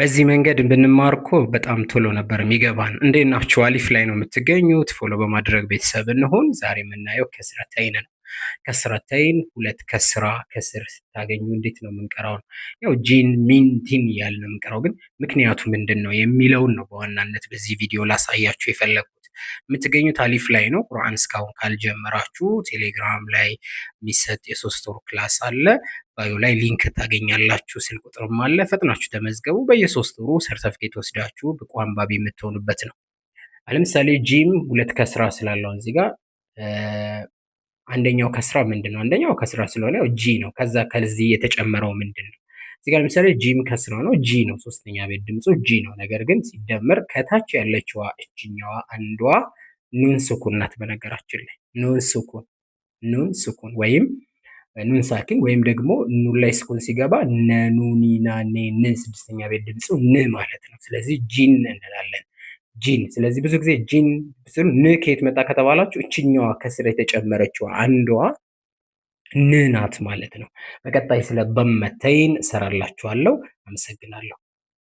በዚህ መንገድ ብንማር እኮ በጣም ቶሎ ነበር የሚገባን። እንዴ ናችሁ? አሊፍ ላይ ነው የምትገኙት። ፎሎ በማድረግ ቤተሰብ እንሆን። ዛሬ የምናየው ከስረተይን ነው። ከስረተይን ሁለት ከስራ ከስር ስታገኙ እንዴት ነው የምንቀራው? ነው ያው ጂን ሚን ቲን ያልን የምንቀራው ግን ምክንያቱ ምንድን ነው የሚለውን ነው በዋናነት በዚህ ቪዲዮ ላሳያችሁ የፈለግኩት። የምትገኙት አሊፍ ላይ ነው። ቁርአን እስካሁን ካልጀመራችሁ ቴሌግራም ላይ የሚሰጥ የሶስት ወር ክላስ አለ። ባዩ ላይ ሊንክ ታገኛላችሁ። ስልክ ቁጥርም አለ። ፈጥናችሁ ተመዝገቡ። በየሶስት ወሩ ሰርተፍኬት ወስዳችሁ ብቁ አንባቢ የምትሆኑበት ነው። ለምሳሌ ጂም ሁለት ከስራ ስላለው እዚህ ጋር አንደኛው ከስራ ምንድን ነው? አንደኛው ከስራ ስለሆነ ጂ ነው። ከዛ ከዚህ የተጨመረው ምንድን ነው? እዚህ ጋር ለምሳሌ ጂም ከስራ ነው ጂ ነው ሶስተኛ ቤት ድምፁ ጂ ነው። ነገር ግን ሲደመር ከታች ያለችዋ እችኛዋ አንዷ ኑን ስኩን ናት። በነገራችን ላይ ኑን ስኩን ኑን ስኩን ወይም ኑን ሳኪን ወይም ደግሞ ኑን ላይ ስኩን ሲገባ ነኑኒና ኔ ን ስድስተኛ ቤት ድምፁ ን ማለት ነው። ስለዚህ ጂን እንላለን ጂን። ስለዚህ ብዙ ጊዜ ጂን ን ከየት መጣ ከተባላችሁ እችኛዋ ከስር የተጨመረችዋ አንዷ ንናት ማለት ነው። በቀጣይ ስለ በመተይን እሰራላችኋለሁ። አመሰግናለሁ።